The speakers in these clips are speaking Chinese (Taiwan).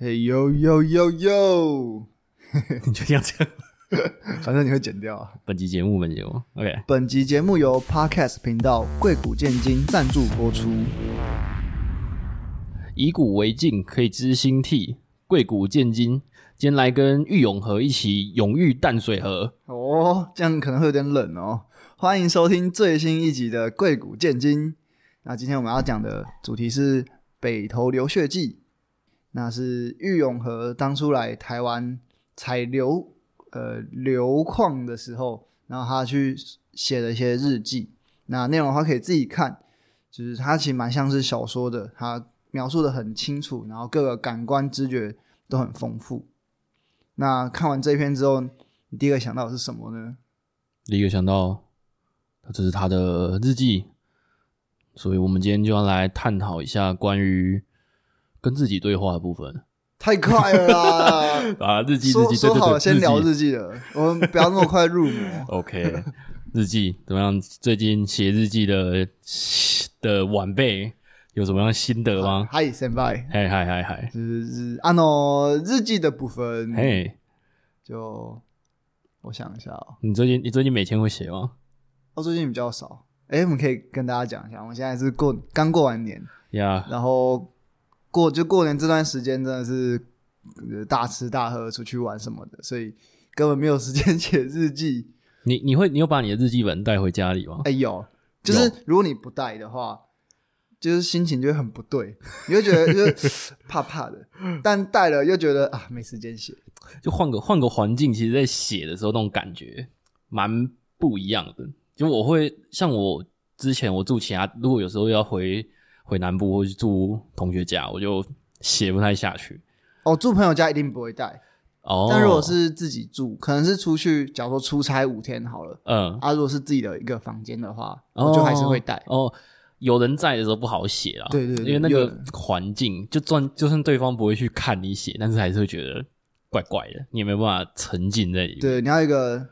嘿呦呦呦呦！ 你就這樣子， 反正你會剪掉啊。本集節目，本節目，OK。本集節目由 Podcast 頻道“貴古鑑今”贊助播出。以古為鏡，可以知興替。貴古鑑今，今天來跟郁永河一起永遇淡水河。哦，這樣可能會有點冷哦。歡迎收聽最新一集的《貴古鑑今》。那今天我們要講的主題是北投硫穴記。那是郁永河當初來台灣採硫，呃，硫礦的時候，然後他去寫了一些日記。那內容的話可以自己看，就是他其實蠻像是小說的，他描述的很清楚，然後各個感官知覺都很豐富。那看完這一篇之後，你第一個想到的是什麼呢？第一個想到，這是他的日記，所以我們今天就要來探討一下關於。跟自己對話的部分太快了啦 啊！日記，日記，說，對對對說，好了先聊日記的，我們不要那麼快入門。 OK，日記怎麼樣？最近寫日記的的晚輩有什麼樣的心得嗎？嗨，先輩嗨嗨嗨嗨，是是是啊，喏，日記的部分，嘿、hey，就我想一下哦。你最近你最近每天會寫嗎？我，哦、最近比較少。哎、欸，我們可以跟大家講一下，我們現在是過剛過完年，呀、yeah.，然後。過就過年這段時間真的是大吃大喝，出去玩什麼的，所以根本沒有時間寫日記。你你會，你有把你的日記本帶回家裡嗎？哎、欸、有，就是如果你不帶的話，就是心情就會很不對，你會覺得就是 怕怕的。但帶了又覺得啊沒時間寫，就換個換個環境。其實，在寫的時候，那種感覺蠻不一樣的。就我會像我之前我住其他，如果有時候要回。回南部或住同學家，我就寫不太下去。哦，住朋友家一定不會帶。哦，但如果是自己住，可能是出去，假如說出差五天好了。嗯，啊，如果是自己的一個房間的話，然後、哦哦、就還是會帶。哦，有人在的時候不好寫啦。對對對，因為那個環境，就、yeah. 算就算對方不會去看你寫，但是還是會覺得怪怪的。你也沒有辦法沉浸在裡面。對，你要一個。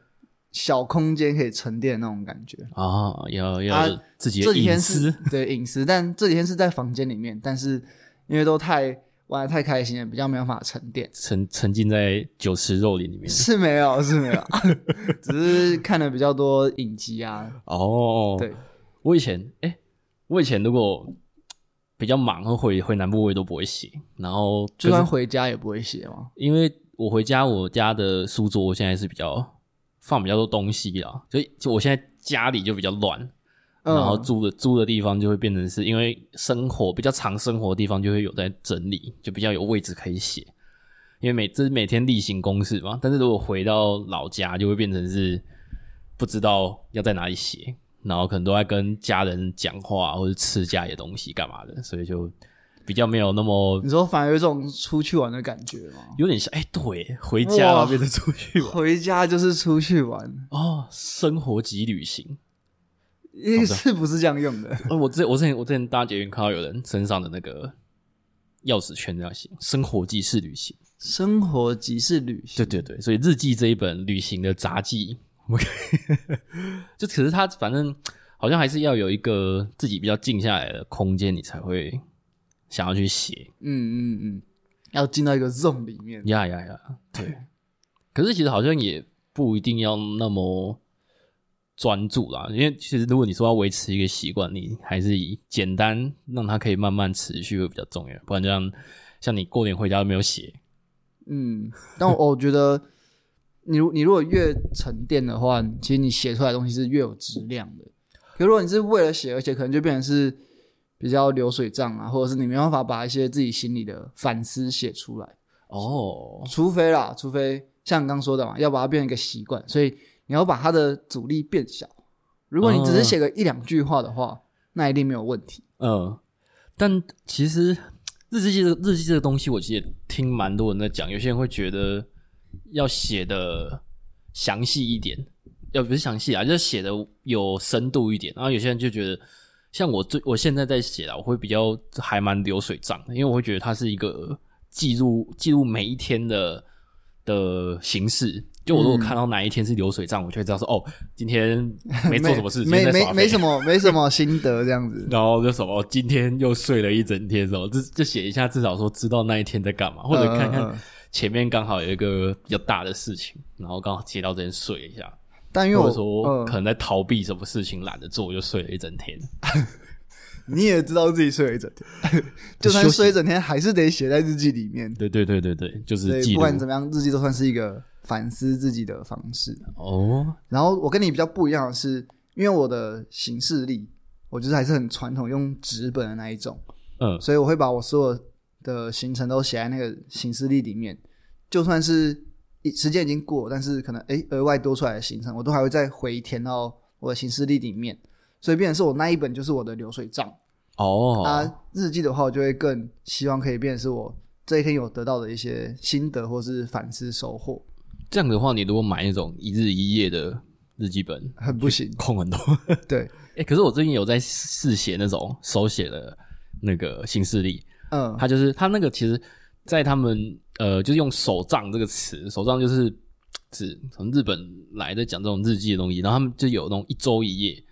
小空間可以沉澱那種感覺啊，要要自己隱私、啊、這是對隱私，但這幾天是在房間裡面，但是因為都太玩得太開心了，比較沒有辦法沉澱，沉沉浸在酒池肉林裡面，是沒有是沒有，是沒有 只是看了比較多影集啊。哦，對，我以前哎，我以前如果比較忙，回回南部我也都不會寫，然後就算、是、回家也不會寫嘛。因為我回家，我家的書桌現在是比較。放比較多東西啊，所以就我現在家裡就比較亂，嗯，然後住的住的地方就會變成是因為生活比較長，生活的地方就會有在整理，就比較有位置可以寫。因為每這是每天例行公事嘛，但是如果回到老家，就會變成是不知道要在哪裡寫，然後可能都在跟家人講話或者吃家裡的東西幹嘛的，所以就。比較沒有那麼，你說反而有種出去玩的感覺嗎？有點像哎、欸，對，回家變成出去玩，回家就是出去玩哦。生活即旅行，因為是不是這樣用的？哦、我，這我之前我之前我之前搭捷運看到有人身上的那個鑰匙圈，這樣寫，生活即是旅行，生活即是旅行，對對對。所以日記這一本旅行的雜記，嗯、 就可是他，反正好像還是要有一個自己比較靜下來的空間，你才會。想要去寫，嗯嗯嗯，要進到一個 zone 裡面，呀呀呀，對。 可是其實好像也不一定要那麼專注啦，因為其實如果你說要維持一個習慣，你還是以簡單讓它可以慢慢持續會比較重要。不然這樣像你過年回家都沒有寫，嗯。但我覺得你，你如你如果越沉澱的話， 其實你寫出來的東西是越有質量的。比如說你是為了寫，而且可能就變成是。比較流水賬啊，或者是你沒辦法把一些自己心裡的反思寫出來哦。Oh. 除非啦，除非像你剛剛說的嘛，要把它變成一個習慣，所以你要把它的阻力變小。如果你只是寫個一兩句話的話，嗯，那一定沒有問題。嗯，但其實日記這個、日記這個東西，我其實也聽蠻多人在講。有些人會覺得要寫的詳細一點，要不是詳細啊，就寫的有深度一點。然後有些人就覺得。像我最，我現在在寫了，我會比較還蠻流水賬的，因為我會覺得它是一個記錄記錄每一天的的形式。就我如果看到哪一天是流水賬，嗯，我就會知道說，哦，今天沒做什麼事情 今天在， 沒沒沒什麼，沒什麼心得這樣子。 然後就什麼，今天又睡了一整天，然後就就寫一下，至少說知道那一天在幹嘛，或者看看前面剛好有一個比較大的事情，然後剛好接到這邊睡一下。但因為我說我可能在逃避什麼事情，懶得做，嗯，就睡了一整天。 你也知道自己睡了一整天， 就算睡一整天，還是得寫在日記裡面。對對對對對，就是不管怎麼樣，日記都算是一個反思自己的方式哦。然後我跟你比較不一樣的是，因為我的行事曆，我就是還是很傳統，用紙本的那一種。嗯，所以我會把我所有的行程都寫在那個行事歷裡面，就算是。時間已經過了，但是可能哎，額外多出來的行程，我都還會再回填到我的行事曆裡面，所以變成是我那一本就是我的流水賬哦。Oh. 那日記的話，我就會更希望可以變成是我這一天有得到的一些心得或是反思收穫。這樣的話，你如果買那種一日一頁的日記本，很不行，空很多。 對，哎、欸，可是我最近有在試寫那種手寫的那個行事曆。嗯，它就是它那個其實。在他們呃，就是用手帳這個詞，手帳就是指從日本來的講這種日記的東西，然後他們就有那種一周一頁，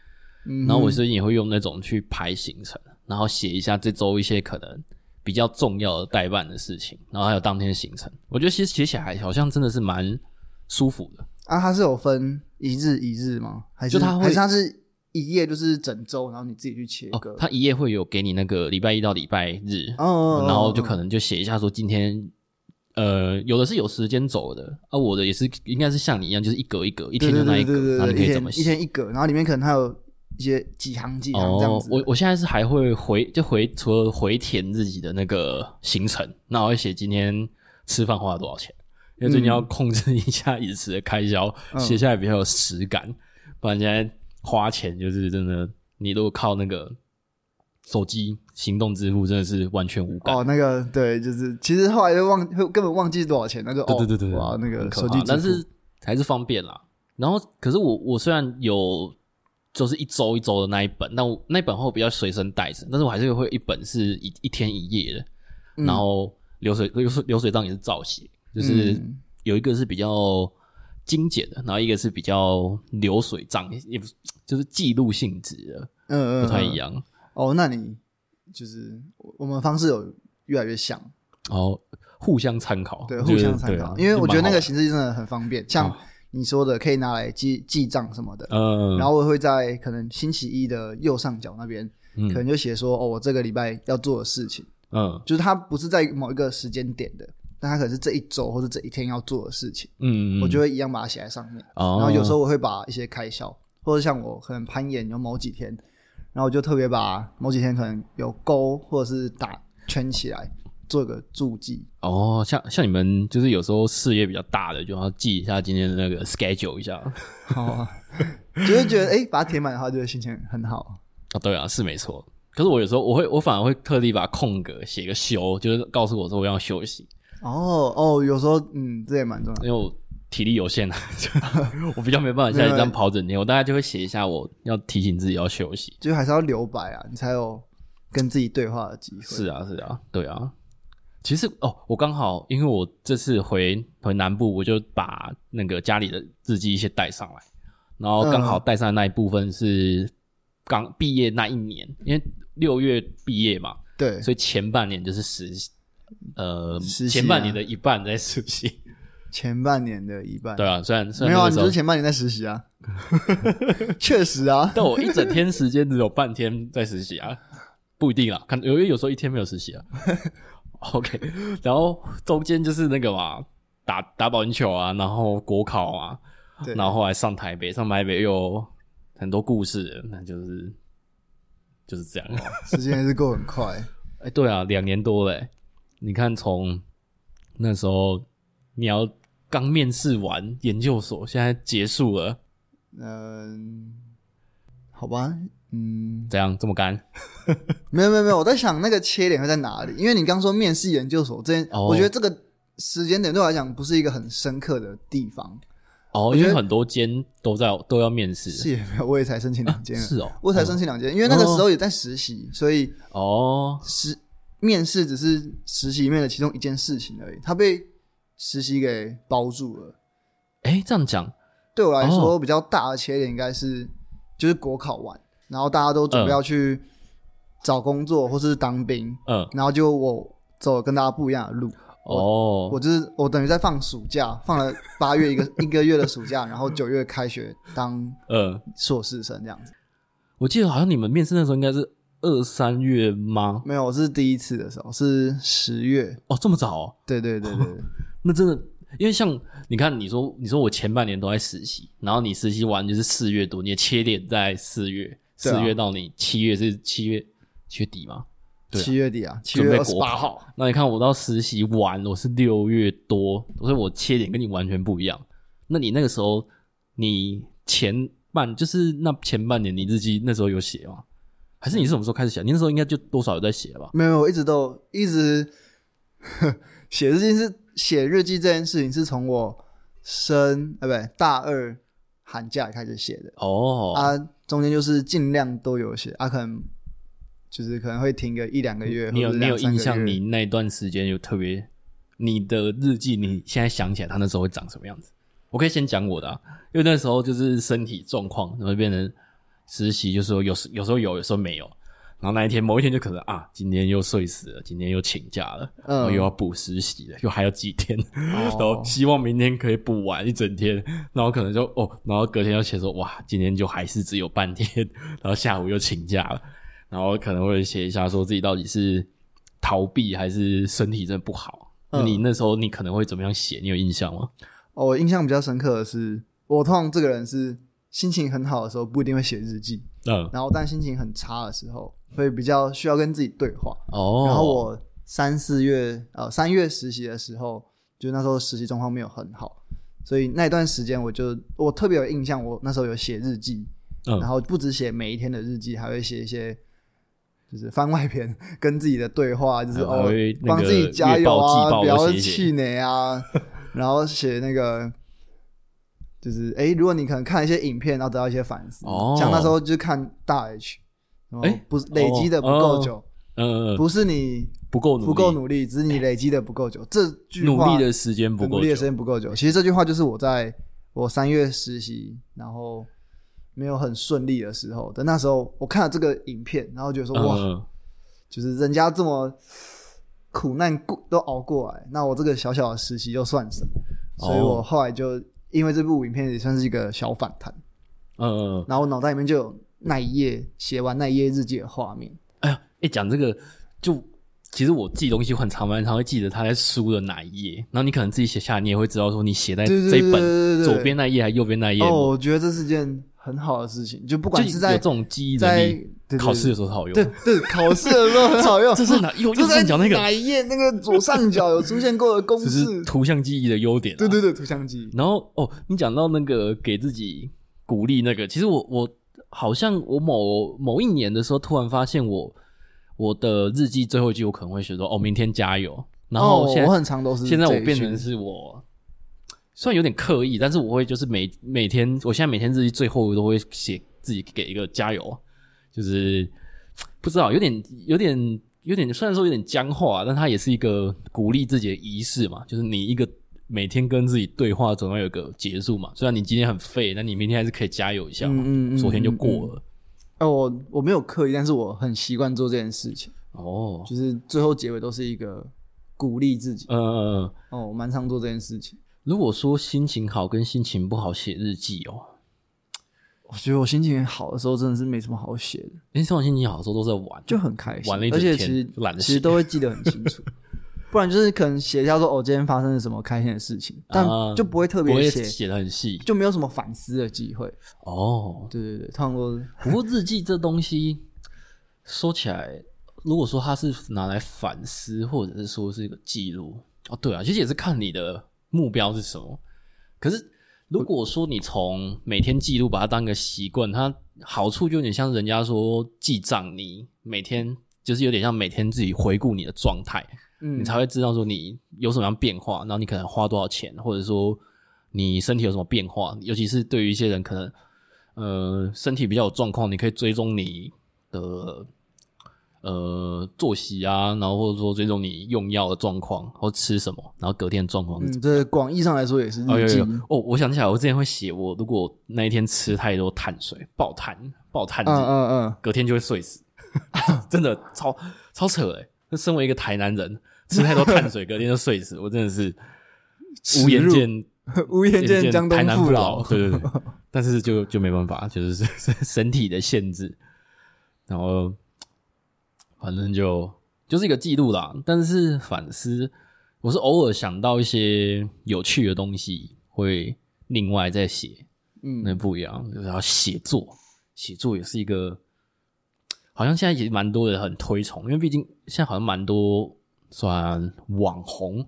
嗯，然後我所以也會用那種去排行程，然後寫一下這周一些可能比較重要的待辦的事情，然後還有當天行程，我覺得其實寫起來好像真的是蠻舒服的。啊，它是有分一日一日嗎？還是就他會還是它是？一頁就是整周，然後你自己去切一、哦、他一頁會有給你那個禮拜一到禮拜日、哦，然後就可能就寫一下說今天，呃，有的是有時間走的，啊，我的也是應該是像你一樣，就是一格一格，一天就那一格，對對對對對，然後你可以怎麼寫，一天一格，然後裡面可能還有一些幾行幾行、哦、這樣子。我我現在是還會回就回除了回填自己的那個行程，那我會寫今天吃飯花了多少錢，因為最近要控制一下飲食的開銷，寫、嗯、下來比較有實感，嗯、不然今天。花錢就是真的，你如果靠那個手機行動支付，真的是完全無感。哦，那個對，就是其實後來就忘，會根本忘記是多少錢那個、哦。對對對對。哇、哦，那個手機支付，但是還是方便啦。然後，可是我我雖然有就是一周一周的那一本，但我那那本會比較隨身帶着，但是我還是會有一本是一一天一夜的、嗯。然後流水，流水流水賬也是照寫，就是有一個是比較精簡的，然後一個是比較流水賬、嗯、也不是。就是記錄性質的，嗯嗯，不太一樣。哦，那你就是我們的方式有越來越像，哦，互相參考？對，互相參考。因為我覺得那個形式真的很方便，像你說的，可以拿來記記賬什麼的，嗯。然後我會在可能星期一的右上角那邊，嗯，可能就寫說，哦，我這個禮拜要做的事情，嗯，就是它不是在某一個時間點的，但它可能是這一周或者這一天要做的事情，嗯嗯。我就會一樣把它寫在上面，哦，然後有時候我會把一些開銷。或者像我可能攀岩，有某幾天，然後我就特別把某幾天可能有勾或者是打圈起來做一個注記。哦，像像你們就是有時候事業比較大的，就要記一下今天的那個 schedule 一下。哦，就是覺得誒， 欸，把它填滿的話，覺得心情很好啊，哦。對啊，是沒錯。可是我有時候我會，我反而會特地把它空格寫個休，就是告訴我說我要休息。哦哦，有時候嗯，這也蠻重要。因為我體力有限啊 我比較沒辦法像你這樣跑整天。 我大概就會寫一下，我要提醒自己要休息。就還是要留白啊，你才有跟自己對話的機會。 是啊，是啊，對啊。其實哦，我剛好因為我這次回回南部，我就把那個家裡的日記一些帶上來，然後剛好帶上的那一部分是剛畢業那一年，因為六月畢業嘛， 對，所以前半年就是實習，呃，前半年的一半在實習。 前半年的一半對啊，雖然沒有啊，只是前半年在實習啊，確 實啊，但我一整天時間只有半天在實習啊，不一定啊，看因為有時候一天沒有實習啊。 OK，然後中間就是那個嘛，打打保齡球啊，然後國考啊對，然後後來上台北，上台北又有很多故事，那就是就是這樣，哦、時間還是過很快。哎， 對啊，兩年多嘞，你看從那時候你要。剛面試完研究所，現在結束了。嗯、呃，好吧，嗯，怎樣這麼幹？ 沒有沒有沒有，我在想那個切點會在哪裡。因為你剛說面試研究所，這、哦，我覺得這個時間點對我來講不是一個很深刻的地方。哦，因為很多間都在，都，在都要面試。是，我也才申請兩間。 是哦，我也才申請兩間、哦，因為那個時候也在實習，所以哦，實面試只是實習面的其中一件事情而已。他被。實習給包住了，哎，這樣講，對我來說、oh. 比較大的缺點應該是，就是國考完，然後大家都準備要去找工作或是當兵，嗯、uh.，然後就我走了跟大家不一樣的路，哦、oh.，我就是我等於在放暑假，放了八月一個 一個月的暑假，然後九月開學當嗯碩士生這樣子。Uh. 我記得好像你們面試的時候應該是二三月嗎？沒有，這是第一次的時候是十月，哦、oh,，這麼早、啊，對對對對。 那真的，因為像你看，你說你說我前半年都在實習，然後你實習完就是四月多，你的切點在四月，四月，對啊，四月到你七月是七月，七月底嗎？對啊，七月底啊，七月二十八號。那你看我到實習完我是六月多，所以我切點跟你完全不一樣。那你那個時候，你前半就是那前半年，你日記那時候有寫嗎？還是你是什麼時候開始寫？你那時候應該就多少有在寫吧？沒有，我一直都一直寫日記是。寫日記這件事情是從我升啊不對，大二寒假開始寫的哦，oh. 啊中間就是盡量都有寫，啊可能就是可能會停個一兩個月或者兩三個月，你有你有印象，你那段時間有特別你的日記，你現在想起來，他那時候會長什麼樣子？我可以先講我的，啊，因為那時候就是身體狀況，然後變成實習，就是說有時有時候有，有時候沒有。然後那一天，某一天就可能啊，今天又睡死了，今天又請假了，嗯，又要補實習了，又還有幾天，哦，然後希望明天可以補完一整天。然後可能就哦，然後隔天又寫說哇，今天就還是只有半天，然後下午又請假了，然後可能會寫一下說自己到底是逃避還是身體真的不好。嗯，你那時候你可能會怎麼樣寫？你有印象嗎？哦，我印象比較深刻的是，我通常這個人是心情很好的時候不一定會寫日記。嗯，然後但心情很差的時候，會比較需要跟自己對話。哦，然後我三四月呃三月實習的時候，就那時候實習狀況沒有很好，所以那段時間我就我特別有印象，我那時候有寫日記、嗯，然後不止寫每一天的日記，還會寫一些就是番外篇，跟自己的對話，就是哦、那個，幫自己加油啊，不要氣餒啊， 然後寫那個。就是哎，如果你可能看一些影片，然後得到一些反思，像、哦、那時候就看大 H，哎，不是累積的不夠久，嗯，不是你不夠努力，不夠努力，只是你累積的不夠久。這句話努力的時間不夠久，努力的時間不夠久、嗯。其實這句話就是我在我三月實習，然後沒有很順利的時候的，但那時候我看了這個影片，然後覺得說哇、嗯，就是人家這麼苦難過都熬過來，那我這個小小的實習又算什麼？所以我後來就。哦因為這部影片也算是一個小反彈，嗯、然後腦袋裡面就有那一頁寫完那一頁日記的畫面。哎呀，一、欸、講這個，就其實我自己東西很常，常常會記得他在書的哪一頁，然後你可能自己寫下來，你也會知道說你寫在這一本左邊那一頁還是右邊那一頁，對對對對對。哦，我覺得這是件。很好的事情，就不管是在這種記憶能力考試的時候是好用，對，對對， 對對，考試的時候很好用。 這是哪？又又 在講那個哪一頁？那個左上角有出現過的公式， 圖像記憶的優點、啊。對對對，圖像記憶。然後哦，你講到那個給自己鼓勵那個，其實我我好像我某某一年的時候，突然發現我我的日記最後一句我可能會寫說哦，明天加油。然後、哦、我很常都是現在我變成是我。雖然有點刻意，但是我會就是每每天，我現在每天日記最後都會寫自己給一個加油，就是不知道有點有點有點，雖然說有點僵化，但它也是一個鼓勵自己的儀式嘛。就是你一個每天跟自己對話，總要有個結束嘛。雖然你今天很廢，但你明天還是可以加油一下嘛。嗯嗯嗯嗯嗯。昨天就過了。哦，我沒有刻意，但是我很習慣做這件事情。哦，就是最後結尾都是一個鼓勵自己。嗯嗯嗯。哦，我蠻常做這件事情。如果說心情好跟心情不好寫日記哦,我覺得我心情好的時候真的是沒什麼好寫的。因為這種心情好的時候都在玩，就很開心，玩了一而且其實懶得寫，其實都會記得很清楚。 不然就是可能寫一下說哦，今天發生了什麼開心的事情， 但就不會特別寫寫的很細，就沒有什麼反思的機會。哦，對對對，他說。不過日記這東西 說起來，如果說它是拿來反思，或者是說是一個記錄哦，對啊，其實也是看你的。目標是什麼？可是如果說你從每天記錄，把它當個習慣，它好處就有點像人家說記賬你每天就是有點像每天自己回顧你的狀態，嗯，你才會知道說你有什麼樣變化，然後你可能花多少錢，或者說你身體有什麼變化，尤其是對於一些人可能呃身體比較有狀況，你可以追蹤你的。呃，作息啊，然後或者說追蹤你用藥的狀況，或吃什麼，然後隔天的狀況。嗯，這廣義上來說也是日記哦。哦，我想起來，我之前會寫我，我如果那一天吃太多碳水，爆碳，爆碳，嗯、啊、嗯、啊啊、隔天就會睡死， 真的超超扯誒、欸、那身為一個台南人， 吃太多碳水， 隔天就睡死，我真的是無顏見，無顏見江東父老台南不老，對不對,對？ 但是就就沒辦法，就是 身體的限制，然後。反正就就是一個記錄啦，但是反思，我是偶爾想到一些有趣的東西，會另外再寫。嗯，那不一樣，然後寫作，寫作也是一個，好像現在也蠻多人很推崇，因為畢竟現在好像蠻多算、啊、網紅，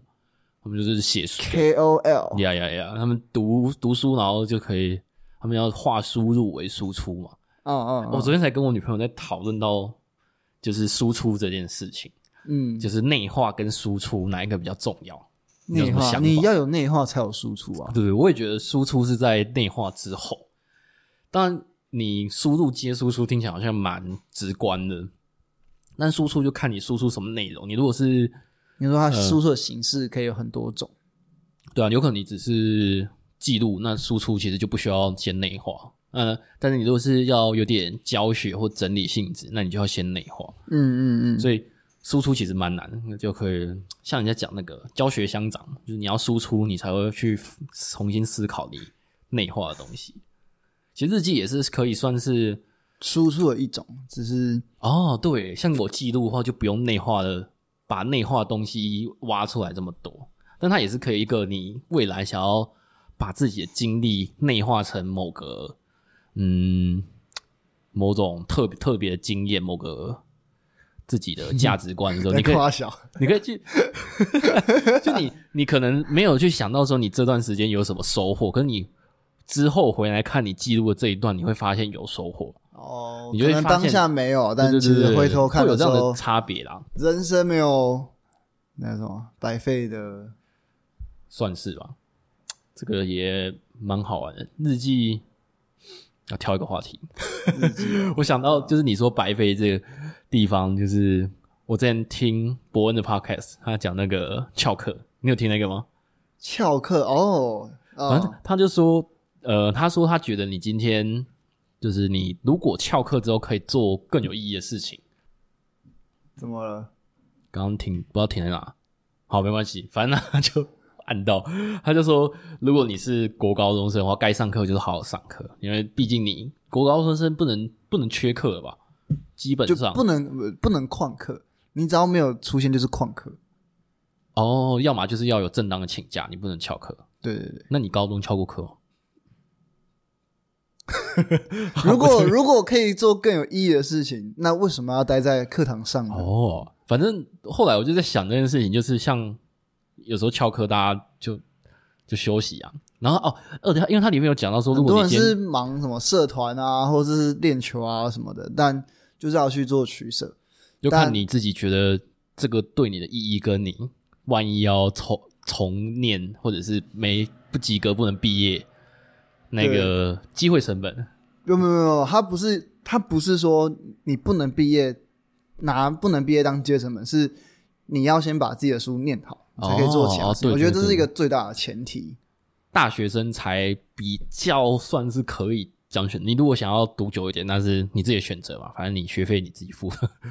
他們就是寫書，KOL，呀呀呀，yeah, yeah, yeah, 他們讀讀書，然後就可以，他們要化輸入為輸出嘛。嗯嗯，我昨天才跟我女朋友在討論到。就是輸出這件事情，嗯，就是內化跟輸出哪一個比較重要？內化你，你要有內化才有輸出啊！對，我也覺得輸出是在內化之後。當然，你輸入接輸出聽起來好像蠻直觀的，但輸出就看你輸出什麼內容。你如果是你說它輸出的形式可以有很多種，呃、對啊，有可能你只是記錄，那輸出其實就不需要先內化。呃，但是你如果是要有點教學或整理性質，那你就要先內化。嗯嗯嗯。所以輸出其實蠻難的，就可以像人家講那個教學相長，就是你要輸出，你才會去重新思考你內化的東西。其實日記也是可以算是輸出的一種，只是哦，對，像我記錄的話，就不用內化的，把內化的東西挖出來這麼多。但它也是可以一個你未來想要把自己的經歷內化成某個。嗯，某種特別特別的經驗，某個自己的價值觀的時候， 你可以， 你可以去， 就你你可能沒有去想到說你這段時間有什麼收穫，可是你之後回來看你記錄的這一段，你會發現有收穫哦。你可能當下沒有，但是回頭看的時候，對對對對，會有這樣的差別啦。人生沒有那種白費的，算是吧。這個也蠻好玩的日記。要挑一個話題， 我想到就是你說白費這個地方，就是我之前聽博恩的 podcast，他講那個翹課，你有聽那個嗎？翹課哦，哦，反正他就說，呃，他說他覺得你今天就是你如果翹課之後可以做更有意義的事情，怎麼了？剛剛停，不知道停在哪，好，沒關係，反正了就。按道，他就說：“如果你是國高中生的話，該上課就是好好上課，因為畢竟你國高中生，生不能不能缺課了吧？基本上不能不能曠課，你只要沒有出現就是曠課。哦，要麼就是要有正當的請假，你不能翹課。對對對，那你高中翹過課哦？ 如果 如果可以做更有意義的事情，那為什麼要待在課堂上呢？哦，反正後來我就在想這件事情，就是像……有時候翹課，大家就就休息啊。然後哦，而因為它裡面有講到說，如果你是忙什麼社團啊，或者是練球啊什麼的，但就是要去做取捨，就看你自己覺得這個對你的意義，跟你萬一要重重念，或者是沒不及格不能畢業，那個機會成本。沒有沒有沒有，他不是他不是說你不能畢業，拿不能畢業當機會成本，是你要先把自己的書念好。才可以做起來、哦，我覺得這是一個最大的前提。大學生才比較算是可以這樣選，你如果想要讀久一點，那是你自己選擇嘛，反正你學費你自己付。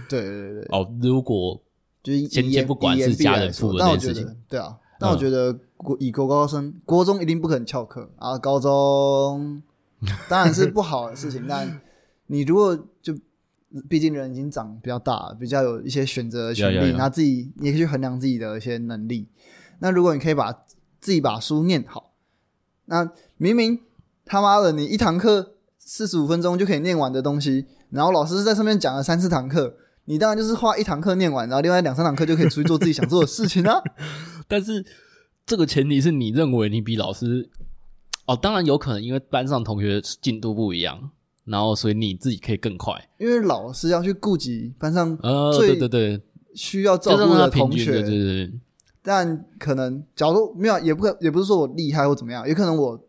對對對,對，哦，如果前就先天不管是家人付的這件事情，對啊，那我覺得國、嗯、以國高生，國中一定不肯翹課啊，高中當然是不好的事情， 但你如果就。畢竟人已經長比較大，比較有一些選擇的權利，那自己你也可以去衡量自己的一些能力。那如果你可以把自己把書念好，那明明他媽的你一堂課四十五分鐘就可以念完的東西，然後老師在上面講了三四堂課，你當然就是花一堂課念完，然後另外兩三堂課就可以出去做自己想做的事情啊。 但是這個前提是你認為你比老師，哦，當然有可能，因為班上同學進度不一樣。然後，所以你自己可以更快，因為老師要去顧及班上呃，最對對對，需要照顧的同學，呃、對，對，對，對對對。但可能假如說沒有，也不也不是說我厲害或怎麼樣，有可能我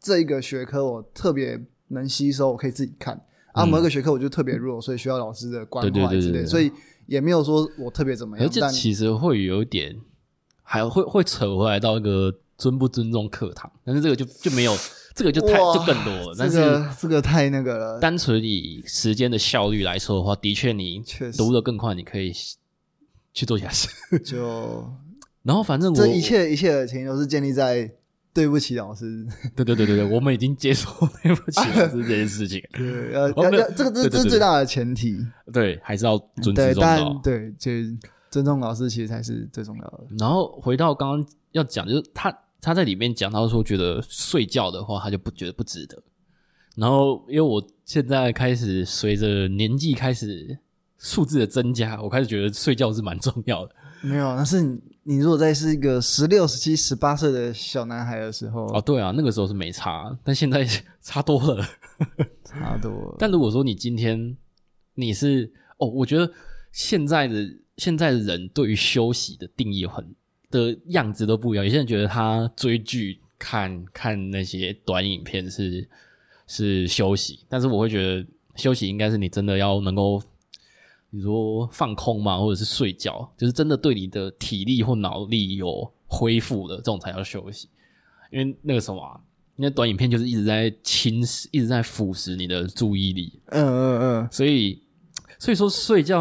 這一個學科我特別能吸收，我可以自己看，啊、嗯、某一個學科我就特別弱，所以需要老師的關懷之類。對對對對對，所以也沒有說我特別怎麼樣，但其實會有點，還會會扯回來到一個尊不尊重課堂，但是這個就就沒有。 這個就太就更多了，這個，但是這個太那個了。單純以時間的效率來說的話，確的確你讀得更快，你可以去做一下事。就然後反正我這一切一切的前提都是建立在對不起老師。對對對對對， 我們已經接受對不起老師這件事情。呃、啊，這個這是最大的前提。對，對，對，對，對，對，還是要尊重老師。對，但對，就尊重老師其實才是最重要的。然後回到剛剛要講，就是他。他在裡面講，他說覺得睡覺的話，他就不覺得不值得。然後，因為我現在開始隨着年紀開始數字的增加，我開始覺得睡覺是蠻重要的。沒有，但是你，你如果在是一個十六、十七、十八歲的小男孩的時候啊，哦，對啊，那個時候是沒差，但現在差多了， 差多了。但如果說你今天你是哦，我覺得現在的現在的人對於休息的定義很。的樣子都不一樣。有些人覺得他追劇、看看那些短影片是是休息，但是我會覺得休息應該是你真的要能夠，你說放空嘛，或者是睡覺，就是真的對你的體力或腦力有恢復的這種才叫休息。因為那個什麼、啊，那短影片就是一直在侵蝕、一直在腐蝕你的注意力。嗯嗯嗯。所以，所以說睡覺，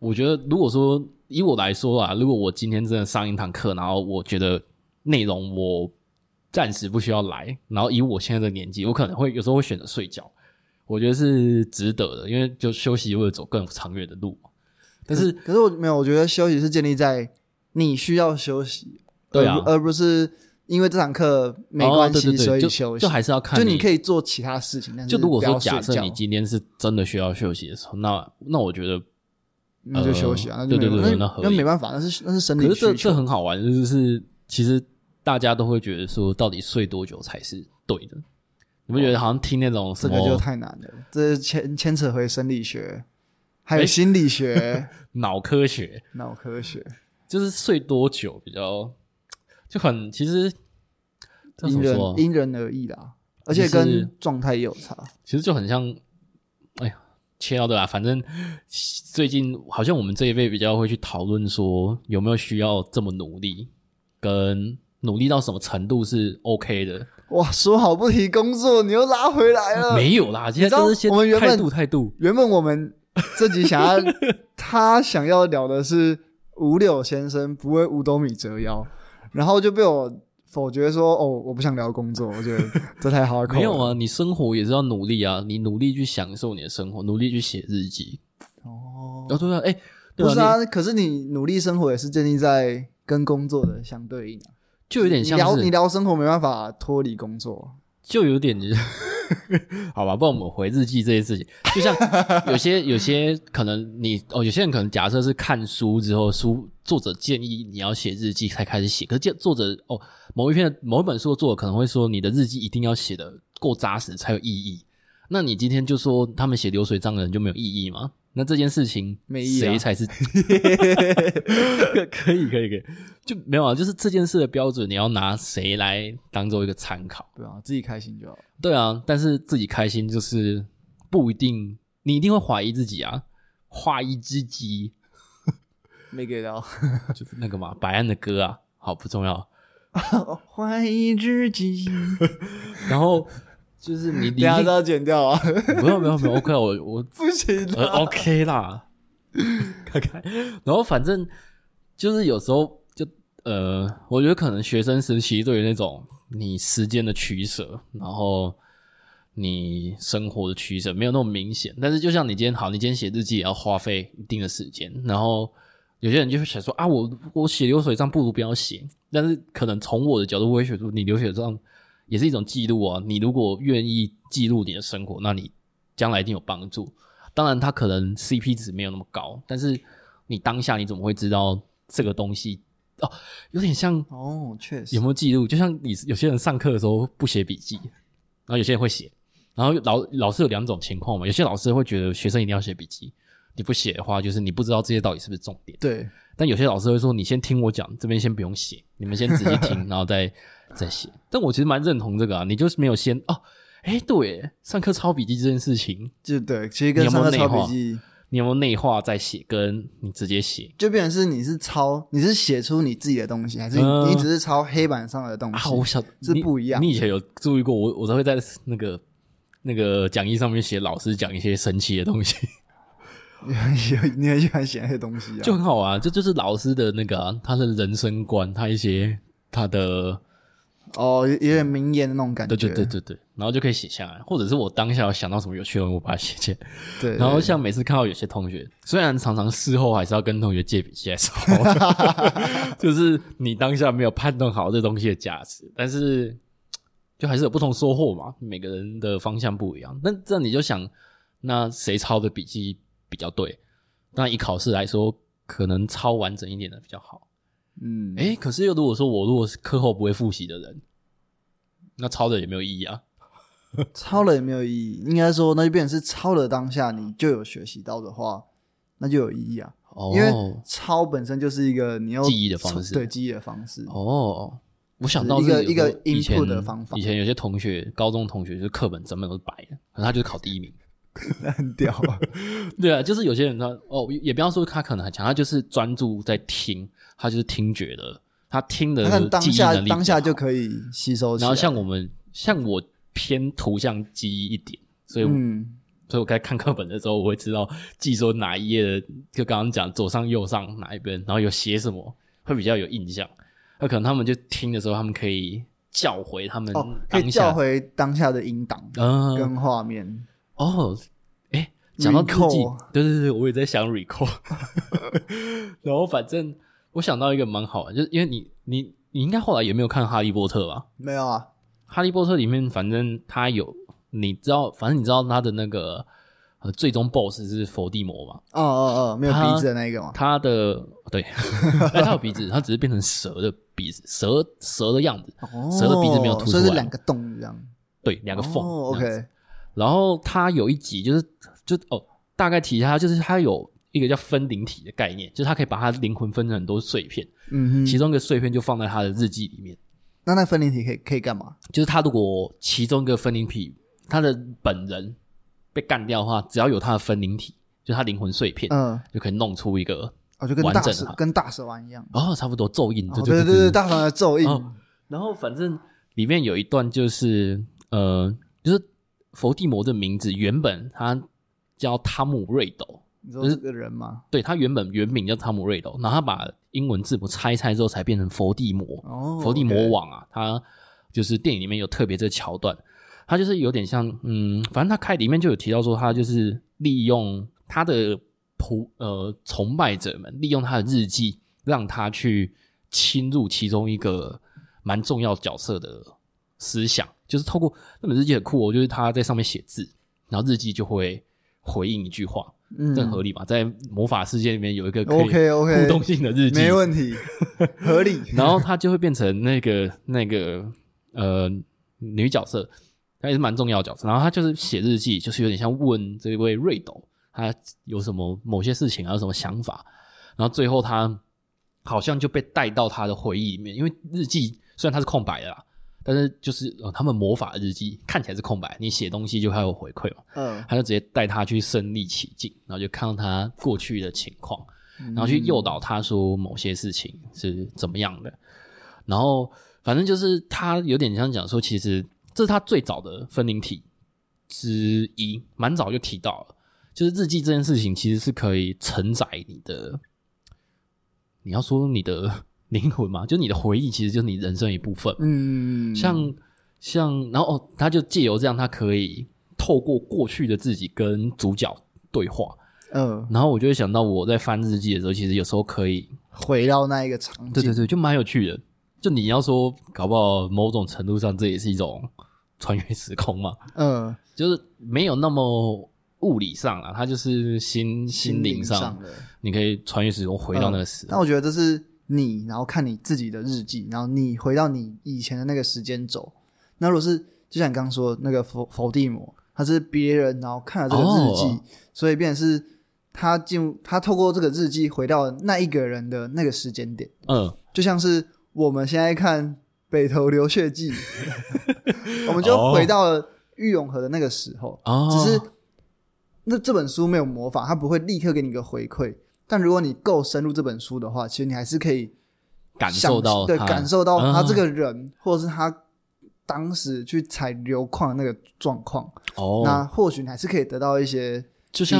我覺得如果說。以我來說啊，如果我今天真的上一堂課，然後我覺得內容我暫時不需要來，然後以我現在的年紀，我可能會有時候會選擇睡覺。我覺得是值得的，因為就休息為了走更長遠的路嘛。嗯，但是，可是我沒有，我覺得休息是建立在你需要休息，對啊，而不，而不是因為這堂課沒關係，哦，所以休息，就，就還是要看，就你可以做其他事情。但是，就如果說假設你今天是真的需要休息的時候，那那我覺得。那就休息啊，呃，那就，對對對，那那沒辦法，那是那是生理。可是這這很好玩，就是其實大家都會覺得說，到底睡多久才是對的？哦，你不覺得好像聽那種什麼這個就太難了，這牽牽扯回生理學，還有心理學、腦、欸、 科學、腦科學，就是睡多久比較就很其實這是、啊、因人因人而異啦。而且跟狀態也有差。其實就很像，哎呀。切到的啦，反正最近好像我們這一輩比較會去討論說有沒有需要這麼努力，跟努力到什麼程度是 OK 的。哇，說好不提工作，你又拉回來了。啊、沒有啦，今天都是先態度態度我們原本態度，原本我們這集想要 他想要聊的是五柳先生不為五斗米折腰，然後就被我。我覺得說哦，我不想聊工作， 我覺得這太好。沒有啊，你生活也是要努力啊，你努力去享受你的生活，努力去寫日記哦。哦，對啊，哎、欸，不是啊，可是你努力生活也是建立在跟工作的相對應、啊、就有點像是你聊你聊生活沒辦法脫離工作，就有點。 好吧，不然我們回日記這些事情，就像有些有些可能你哦，有些人可能假設是看書之後，書作者建議你要寫日記才開始寫，可是作者哦，某一篇某一本書的作者可能會說，你的日記一定要寫得夠紮實才有意義。那你今天就說他們寫流水賬的人就沒有意義嗎？那這件事情，誰、啊、才是？ 可以可以可以，就沒有啊。就是這件事的標準，你要拿誰來當做一個參考？對啊，自己開心就好。對啊，但是自己開心就是不一定，你一定會懷疑自己啊。畫一隻雞，沒給到，就 是那個嘛，白安的歌啊，好不重要。懷 疑只之雞， 然後。就是你，你都要剪掉啊？沒有沒有沒有，OK，我我自 OK 啦。看看，然後反正就是有時候就呃，我覺得可能學生時期對於那種你時間的取捨，然後你生活的取捨沒有那麼明顯。但是就像你今天好，你今天寫日記也要花費一定的時間。然後有些人就會想說啊，我我寫流水賬不如不要寫。但是可能從我的角度我也，會寫你流水賬。也是一種記錄啊！你如果願意記錄你的生活，那你將來一定有幫助。當然，它可能 CP 值沒有那麼高，但是你當下你怎麼會知道這個東西？哦，有點像哦，確實。有沒有記錄？就像你有些人上課的時候不寫筆記，然後有些人會寫，然後老，老師有兩種情況嘛，有些老師會覺得學生一定要寫筆記。你不寫的話，就是你不知道這些到底是不是重點。對。但有些老師會說：“你先聽我講，這邊先不用寫，你們先直接聽，然後再 再寫。”但我其實蠻認同這個啊。你就是沒有先哦，哎、欸，對，上課抄筆記這件事情，就對，其實跟上課抄筆記你有沒有內化再寫，跟你直接寫，就變成是你是抄，你是寫出你自己的東西，還是你只是抄黑板上的東西？呃、啊，我曉得，是不一樣的。你，你以前有注意過我？我都會在那個那個講義上面寫老師講一些神奇的東西。你很喜，你很喜歡寫那些東西、啊，就很好玩。這就，就是老師的那個、啊，他的人生觀，他一些他的哦有，有點名言的那種感覺。對對對對對，然後就可以寫下來，或者是我當下想到什麼有趣的東西，我把它寫下來。 對，對，對，然後像每次看到有些同學，雖然常常事後還是要跟同學借筆記來抄， 就是你當下沒有判斷好這東西的價值，但是就還是有不同收穫嘛。每個人的方向不一樣，那這樣你就想，那誰抄的筆記？比較對，那以考試來說，可能抄完整一點的比較好。嗯，誒、欸，可是又如果說我如果是課後不會複習的人，那抄的也沒有意義啊？抄 了也沒有意義。應該說，那就變成是抄了當下你就有學習到的話，那就有意義啊。哦、因為抄本身就是一個你要記憶的方式，對記憶的方式。哦，我想到一個一個 input 的方法。以前有些同學，高中同學就是課本整本都是白的，可他就是考第一名。 很屌！啊， 對啊，就是有些人他哦，也不要說他可能很強，他就是專注在聽，他就是聽覺的，他聽的是記憶能力，當下就可以吸收。然後像我們，像我偏圖像記憶一點，所以我、嗯，所以我該看課本的時候，我會知道記住哪一頁的，就剛剛講左上、右上哪一邊，然後有寫什麼，會比較有印象。那可能他們就聽的時候，他們可以叫回他們、哦，可以叫回當下的音檔跟畫面。嗯哦、oh, 欸，哎，講到自己，對對對，我也在想 record。 然後反正我想到一個蠻好的，就是因為你你你應該後來有沒有看哈利波特吧？沒有啊，哈利波特裡面反正他有你知道，反正你知道他的那個最終 boss 是伏地魔嘛？哦哦哦，沒有鼻子的那個嘛？他的對， 哎、他有鼻子，他只是變成蛇的鼻子，蛇蛇的樣子，oh, 蛇的鼻子沒有突出來，就是兩個洞一樣，對，兩個縫、oh, okay.OK。然後他有一集就是就哦，大概提一下，就是他有一個叫分靈體的概念，就是他可以把他的靈魂分成很多碎片，嗯哼，其中一個碎片就放在他的日記裡面。那那分靈體可以可以幹嘛？就是他如果其中一個分靈體他的本人被幹掉的話，只要有他的分靈體，就是、他靈魂碎片，嗯，就可以弄出一個哦，就跟大蛇跟大蛇丸一樣，哦，差不多咒印，哦、對，對對對，大蛇的咒印、哦。然後反正裡面有一段就是呃，就是。佛地魔這個名字原本他叫湯姆·瑞斗，你說這個人嗎？就是、對他原本原名叫湯姆·瑞斗，然後他把英文字母拆一拆之後才變成佛地魔。哦，佛地魔王啊，他就是電影裡面有特別這個橋段，他就是有點像嗯，反正他開裡面就有提到說，他就是利用他的僕呃崇拜者們，利用他的日記，讓他去侵入其中一個蠻重要角色的，思想就是透過那本日記，很酷哦，就是他在上面寫字，然後日記就會回應一句話，嗯，更合理嘛？在魔法世界裡面有一個可以互動性的日記，okay, okay, 沒問題， 合理。然後他就會變成那個那個呃女角色，她也是蠻重要的角色。然後他就是寫日記，就是有點像問這位瑞斗，他有什麼某些事情啊，有什麼想法？然後最後他好像就被帶到他的回憶裡面，因為日記雖然它是空白的啦。但是就是、哦、他們魔法日記看起來是空白，你寫東西就還有回饋嘛。嗯，他就直接帶他去身歷其境，然後就看到他過去的情況，然後去誘導他說某些事情是怎麼樣的。嗯嗯。然後反正就是他有點像講說，其實這是他最早的分靈體之一，蠻早就提到了，就是日記這件事情其實是可以承載你的，你要說你的。靈魂嘛，就你的回憶，其實就是你人生一部分。嗯，像像，然後、哦、他就借由這樣，他可以透過過去的自己跟主角對話。嗯、呃，然後我就會想到，我在翻日記的時候，其實有時候可以回到那一個場景。對對對，就蠻有趣的。就你要說，搞不好某種程度上，這也是一種穿越時空嘛。嗯、呃，就是沒有那麼物理上了，他就是心心靈上，心靈上的，你可以穿越時空回到那個時空。但、呃、我覺得這是。你然後看你自己的日記，然後你回到你以前的那個時間軸。那如果是就像你剛剛說的那個佛佛地魔，他是別人然後看了這個日記，哦、所以變成是他進入他透過這個日記回到了那一個人的那個時間點。嗯、就像是我們現在看《北投硫穴記》 我們就回到了郁永河的那個時候。哦、只是那這本書沒有魔法，他不會立刻給你一個回饋。但如果你夠深入這本書的話，其實你還是可以感受到對，感受到他這個人，嗯、或者是他當時去採硫礦的那個狀況。哦，那或許你還是可以得到一些 feedback。就是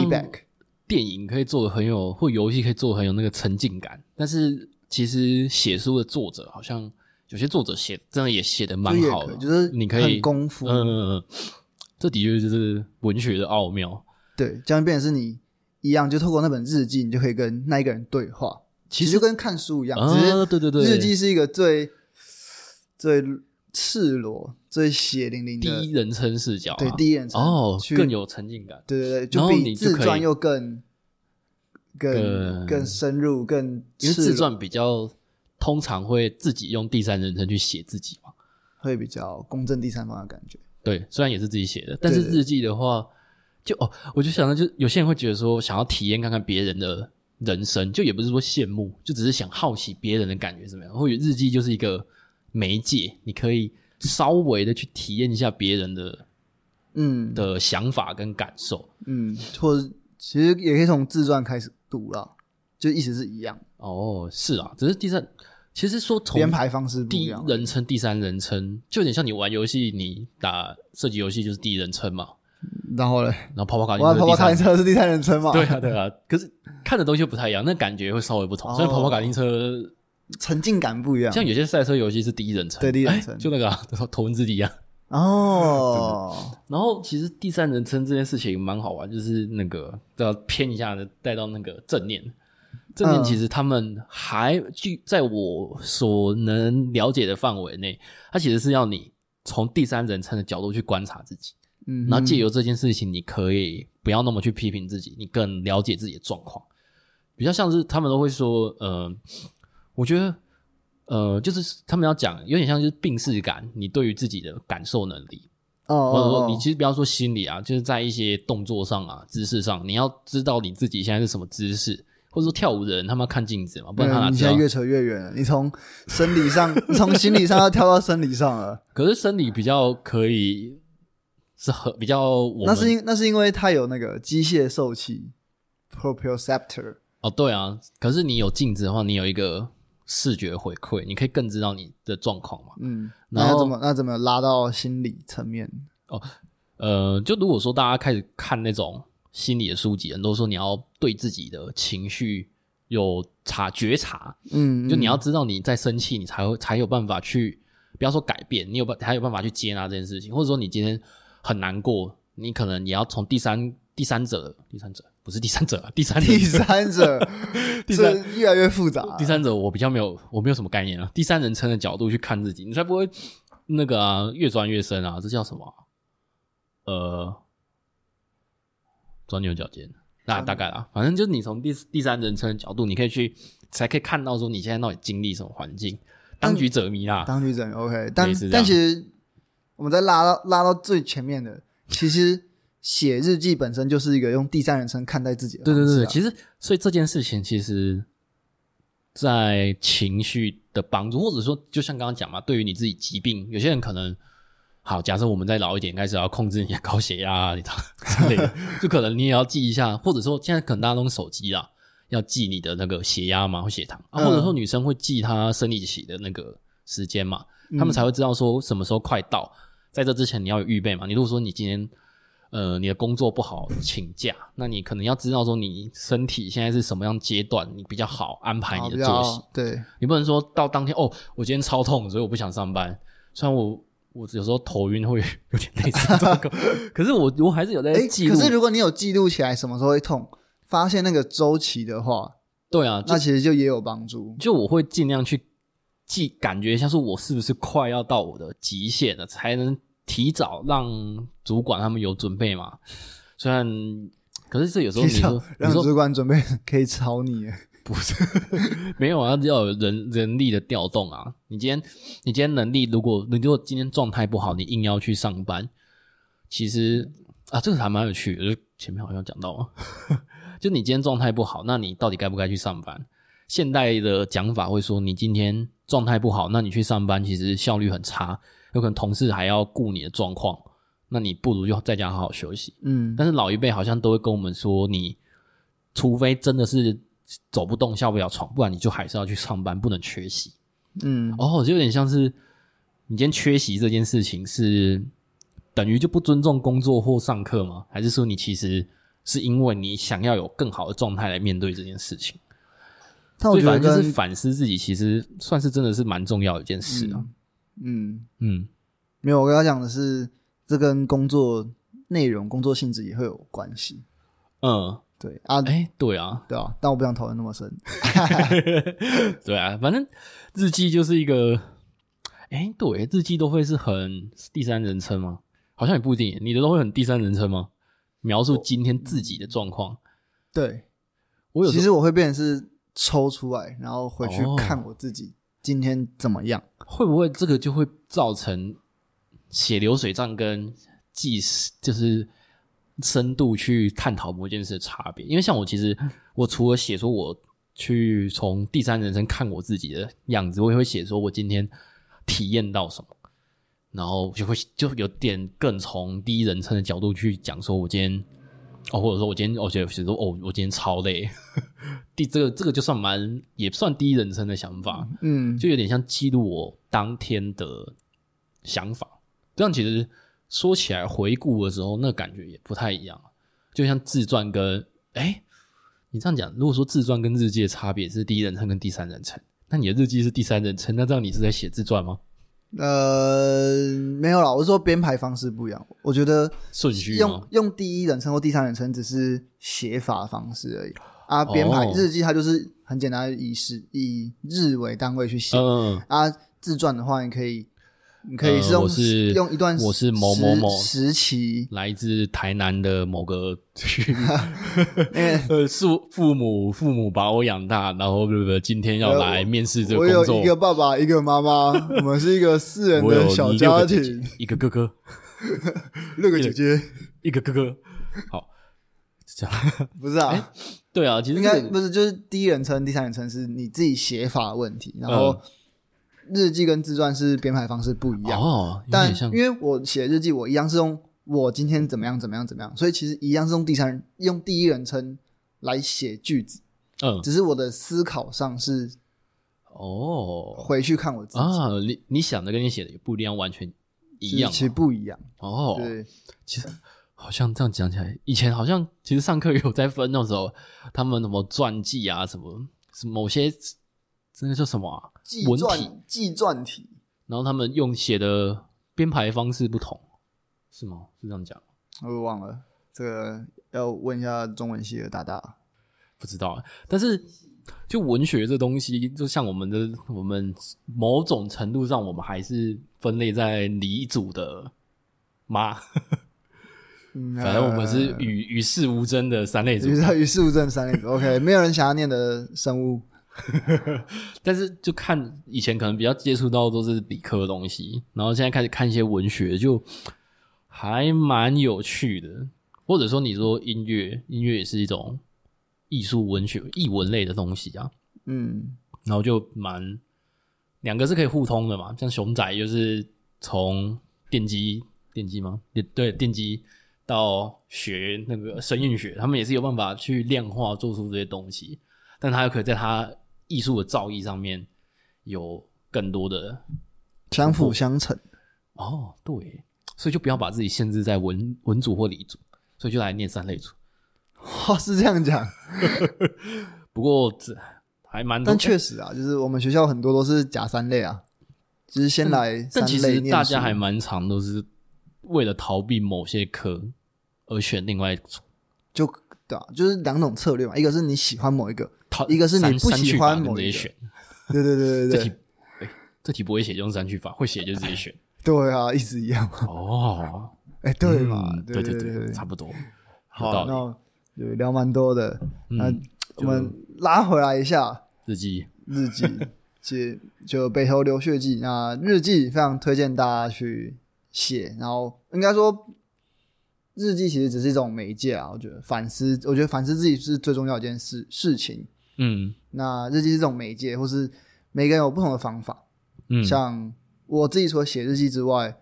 電影可以做得很有，或遊戲可以做很有那個沉浸感。但是其實寫書的作者好像有些作者寫真的也寫得蠻好的，就是很你可以功夫。嗯嗯嗯，嗯，嗯，這的確就是文學的奧妙。對，將來變成是你。一樣，就透過那本日記，你就可以跟那一個人對話。其實就跟看書一樣，只是、呃、對對對，日記是一個最最赤裸、最血淋淋的第一人稱視角，啊。對第一人稱哦，更有沉浸感。對對對，就比自傳又更更更深入、更，因為自傳比較通常會自己用第三人稱去寫自己嘛，會比較公正第三方的感覺。對，雖然也是自己寫的對對對，但是日記的話。就哦，我就想到，就有些人會覺得說，想要體驗看看別人的人生，就也不是說羨慕，就只是想好奇別人的感覺怎麼樣。或者日記就是一個媒介，你可以稍微的去體驗一下別人的，嗯的想法跟感受，嗯，或者其實也可以從自傳開始讀啦，就意思是一樣。哦，是啊，只是第三，其實說編排方式不，第一人稱第三人稱就有點像你玩遊戲，你打射擊遊戲就是第一人稱嘛。然後嘞，然後跑跑卡丁車，車，車是第三人稱嘛？對啊，對啊。 可是看的東西不太一樣，那感覺會稍微不同。Oh, 所以跑跑卡丁車沉浸感，不一樣。像有些賽車遊戲是第一人稱，對第一人稱、欸，就那個、啊、頭文字 D 啊。哦、oh. 然後其實第三人稱這件事情蠻好玩，就是那個要、啊、偏一下的帶到那個正念。正念其實他們還據在我所能了解的範圍內，它其實是要你從第三人稱的角度去觀察自己。嗯，然後借由這件事情，你可以不要那麼去批評自己，你更了解自己的狀況，比較像是他們都會說，呃，我覺得，呃，就是他們要講有點像就是病識感，你對於自己的感受能力，哦,哦，哦、或者說你其實不要說心理啊，就是在一些動作上啊、姿勢上，你要知道你自己現在是什麼姿勢，或者說跳舞的人他們要看鏡子嘛，不然他哪知、嗯、你現在越扯越遠了，你從生理上，從 心理上要跳到生理上了。可是生理比較可以。是和比較我，那是因那是因為它有那個機械受器，proprioceptor 哦，對啊，可是你有鏡子的話，你有一個視覺回饋，你可以更知道你的狀況嘛。嗯，然後那怎麼那怎麼拉到心理層面？哦，呃，就如果說大家開始看那種心理的書籍，人都說你要對自己的情緒有察覺察，嗯，就你要知道你在生氣，你才會才有辦法去不要說改變，你有辦才有辦法去接納這件事情，或者說你今天。很難過，你可能也要從第三、第三者、第三者不是第三者，第三者、第三者是 越來越複雜。第三者我比較沒有，我沒有什麼概念啊。第三人稱的角度去看自己，你才不會那個啊，越鑽越深啊。這叫什麼、啊？呃，鑽牛角尖、啊。那大概啦，反正就是你從第第三人稱的角度，你可以去才可以看到說你現在到底經歷什麼環境。當局者迷啦，當局者迷 OK，但是但其實。我們再拉到拉到最前面的，其實寫日記本身就是一個用第三人稱看待自己的、啊、對對對，其實所以這件事情其實，在情緒的幫助，或者說就像剛剛講嘛，對於你自己疾病，有些人可能好，假設我們再老一點開始要控制你的高血壓、啊、你知道，之類的，就可能你也要記一下， 或者說現在可能大家都用手機啦，要記你的那個血壓嘛、或血糖啊，或者說女生會記她生理期的那個。嗯時間嘛，他們才會知道說什麼時候快到。嗯、在這之前，你要有預備嘛。你如果說你今天，呃，你的工作不好請假，那你可能要知道說你身體現在是什麼樣階段，你比較好安排你的作息。哦、對，你不能說到當天哦，我今天超痛，所以我不想上班。雖然我我有時候頭暈會有點累死， 可是我我還是有在記錄，欸、可是如果你有記錄起來什麼時候會痛，發現那個周期的話，對啊，那其實就也有幫助。就我會儘量去。即感覺像是我是不是快要到我的極限了，才能提早讓主管他們有準備嘛？雖然可是這有時候你說讓主管準備可以炒你，不是沒有啊，要有人人力的調動啊。你今天你今天能力，如果你如果今天狀態不好，你硬要去上班，其實啊，這個還蠻有趣的。就前面好像講到，就你今天狀態不好，那你到底該不該去上班？現代的講法會說，你今天，狀態不好，那你去上班其實效率很差，有可能同事還要顧你的狀況，那你不如就在家好好休息。嗯，但是老一輩好像都會跟我們說，你除非真的是走不動，下不了床，不然你就還是要去上班，不能缺席。嗯，哦，就有點像是，你今天缺席這件事情是等於就不尊重工作或上課嗎？還是說你其實是因為你想要有更好的狀態來面對這件事情？最煩就是反思自己，其實算是真的是蠻重要的一件事啊。嗯嗯，嗯，沒有，我跟他講的是，這跟工作內容、工作性質也會有關係。嗯，對啊、欸，對啊，對啊，但我不想討論那麼深。 對啊，反正日記就是一個，哎、欸，對，日記都會是很第三人稱嗎？好像也不一定。你的都會很第三人稱嗎？描述今天自己的狀況。對，我有，其實我會變成是。抽出來，然後回去看我自己今天怎麼樣？哦，會不會這個就會造成寫流水賬跟記事就是深度去探討某件事的差別？因為像我，其實我除了寫出我去從第三人稱看我自己的樣子，我也會寫說我今天體驗到什麼，然後就會就有點更從第一人稱的角度去講，說我今天。哦，或者說，我今天我寫，我寫說，哦，我今天超累，第這個這個就算蠻也算第一人稱的想法，嗯，就有點像記錄我當天的想法。這樣其實說起來回顧的時候，那感覺也不太一樣。就像自傳跟，哎，你這樣講，如果說自傳跟日記的差別是第一人稱跟第三人稱，那你的日記是第三人稱，那這樣你是在寫自傳嗎？呃，沒有啦，我是說編排方式不一樣，我覺得順序用用第一人稱或第三人稱只是寫法方式而已啊。編排日記它就是很簡單，以、oh. 時以日為單位去寫、uh. 啊。自傳的話，你可以。你可以是用、呃、是用一段，我是某某某時期，來自台南的某個區域。呃，父父母父母把我養大，然後對不對？今天要來面試這個工作我，我有一個爸爸，一個媽媽， 我們是一個四人的小家庭，一個哥哥，六個姐姐，一個哥哥。 姐姐哥哥好，這 樣不是啊。欸？對啊，其實、這個、應該不是，就是第一人稱、第三人稱是你自己寫法的問題，然後、呃。日記跟自傳是編排的方式不一樣哦，但因為我寫日記，我一樣是用我今天怎麼樣怎麼樣怎麼樣，所以其實一樣是用第三人、用第一人稱來寫句子。嗯，只是我的思考上是哦，回去看我自己、哦、啊。你你想的跟你寫的也不一定要完全一樣，其實不一樣哦。對，其實好像這樣講起來，以前好像其實上課有在分那個、時候，他們有沒有傳記、啊、什麼傳記啊，什麼某些。真的叫什麼啊？紀傳、紀傳體，然後他們用寫的編排方式不同，是嗎？是這樣講？我忘了，這個要問一下中文系的大大。不知道，但是就文學這東西，就像我們的，我們某種程度上，我們還是分類在理組的媽嗯、 反正我們是與、與、呃、世無爭的、的、呃、的三類組，與、呃、與世無爭三、呃、三類組。OK，沒有人想要念的生物。 但是就看以前可能比較接觸到都是理科的東西，然後現在開始看一些文學，就還蠻有趣的。或者說你說音樂，音樂也是一種藝術文學、藝文類的東西啊。嗯，然後就蠻兩個是可以互通的嘛。像熊仔就是從電機、電機嗎？也對，電機到學那個聲韻學，他們也是有辦法去量化做出這些東西，但他又可以在他。藝術的造詣上面有更多的相輔相成。哦，對，所以就不要把自己限制在文文組或理組，所以就來念三類組。哇，是這樣講。 不過這還蠻……但確實啊，就是我們學校很多都是假三類啊，就是先來但。但其實大家還蠻常都是為了逃避某些科而選另外一種，就對啊，就是兩種策略嘛。一個是你喜歡某一個。一個是你不喜歡某一個自己選。對對對對對，這題不會寫就用刪去法，會寫就直接選。對啊，一直一樣。哦，哎，對嘛、嗯，對對對差不多。好，那就聊蠻多的、嗯。那我們拉回來一下日記，日記寫就北投硫穴記。那日記非常推薦大家去寫。然後應該說，日記其實只是一種媒介啊。我覺得反思，我覺得反思自己是最重要的一件事事情。嗯，那日記是一種媒介，或是每個人有不同的方法。嗯，像我自己除了寫日記之外，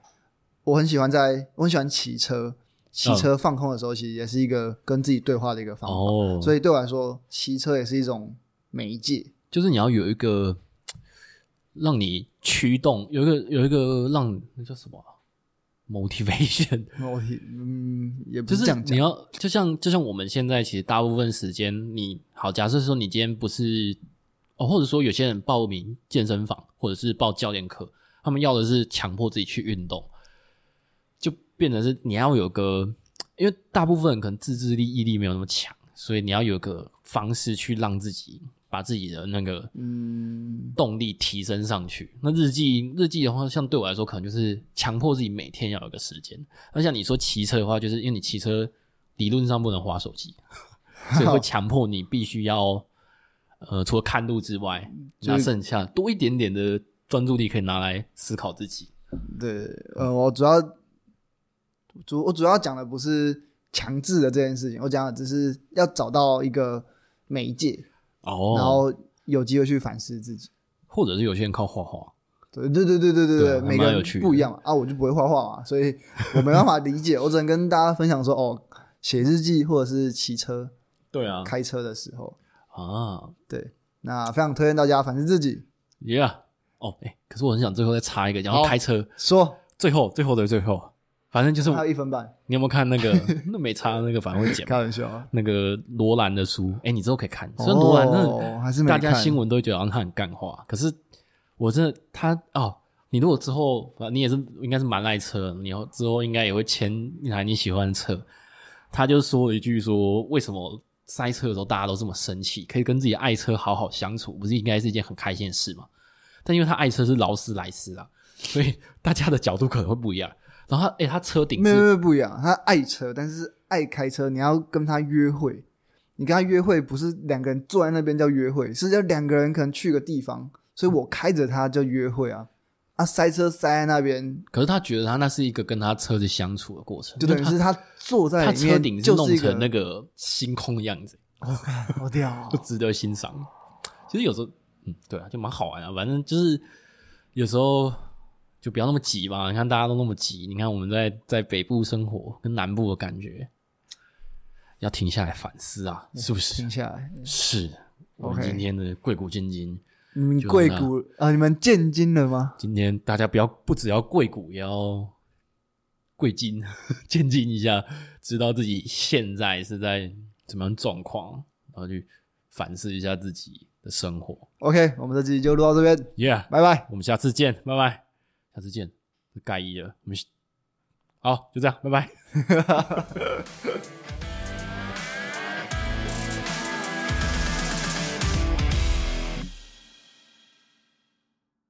我很喜歡在我很喜歡騎車，騎車放空的時候，其實也是一個跟自己對話的一個方法。嗯、哦，所以對我來說，騎車也是一種媒介。就是你要有一個讓你驅動，有一個有一個讓那叫什麼、啊？motivation，嗯、就是，也不是講講，你要就像就像我們現在其實大部分時間，你好，假設說你今天不是哦，或者說有些人報名健身房或者是報教練課，他們要的是強迫自己去運動，就變成是你要有個，因為大部分人可能自制力、毅力沒有那麼強，所以你要有個方式去讓自己。把自己的那個嗯動力提升上去。嗯、那日記日記的話，像對我來說，可能就是強迫自己每天要有個時間。那像你說騎車的話，就是因為你騎車理論上不能滑手機，所以會強迫你必須要呃除了看路之外，那剩下多一點點的專注力可以拿來思考自己。對，呃，我主要主我主要講的不是強制的這件事情，我講的只是要找到一個媒介。哦、oh，然後有機會去反思自己，或者是有些人靠畫畫，對對對對對對，對，對，對，對，還滿有趣的，每個人不一樣啊，我就不會畫畫嘛，所以我沒辦法理解， 我只能跟大家分享說哦，寫日記或者是騎車，對啊，開車的時候啊，oh. 對，那非常推薦大家反思自己，yeah，哦、oh, 哎、欸，可是我很想最後再插一個，然後開車說、oh. 最後最後的最後。反正就是，還有一分半。你有沒有看那個？ 那沒差，那個反正會講，開玩笑、啊，那個羅蘭的書，哎、欸，你之後可以看。雖然羅蘭，真的，大家新聞都會覺得他很幹話，可是我真的他哦，你如果之後，你也是應該是蠻愛車，你要之後應該也會牽一台你喜歡的車。他就說了一句說：說為什麼塞車的時候大家都這麼生氣？可以跟自己愛車好好相處，不是應該是一件很開心的事嗎？但因為他愛車是勞斯萊斯啊，所以大家的角度可能會不一樣。 然後他，誒、欸、他車頂是……沒有沒有不一樣，啊，他愛車，但是愛開車。你要跟他約會，你跟他約會不是兩個人坐在那邊叫約會，是要兩個人可能去個地方。所以我開着他就約會啊他，啊、塞車塞在那邊。可是他覺得他那是一個跟他車子相處的過程，就等於是他坐在他，他車頂就車頂弄成那個星空的樣子，哦、呵呵好屌，哦，就值得欣賞。其實有時候，嗯，對啊，就蠻好玩啊。反正就是有時候。就不要那麼急嘛！你看大家都那麼急，你看我們在在北部生活跟南部的感覺，要停下來反思啊，是不是？停下來。嗯、是、okay，我們今天的貴古賤今，你們貴古啊？你們賤今了嗎？今天大家不要不只要貴古，也要貴今賤今一下，知道自己現在是在怎麼樣狀況，然後去反思一下自己的生活。OK，我們這集就錄到這邊，Yeah，拜拜，我們下次見，拜拜。再見，蓋伊了。我們好，就這樣，拜拜。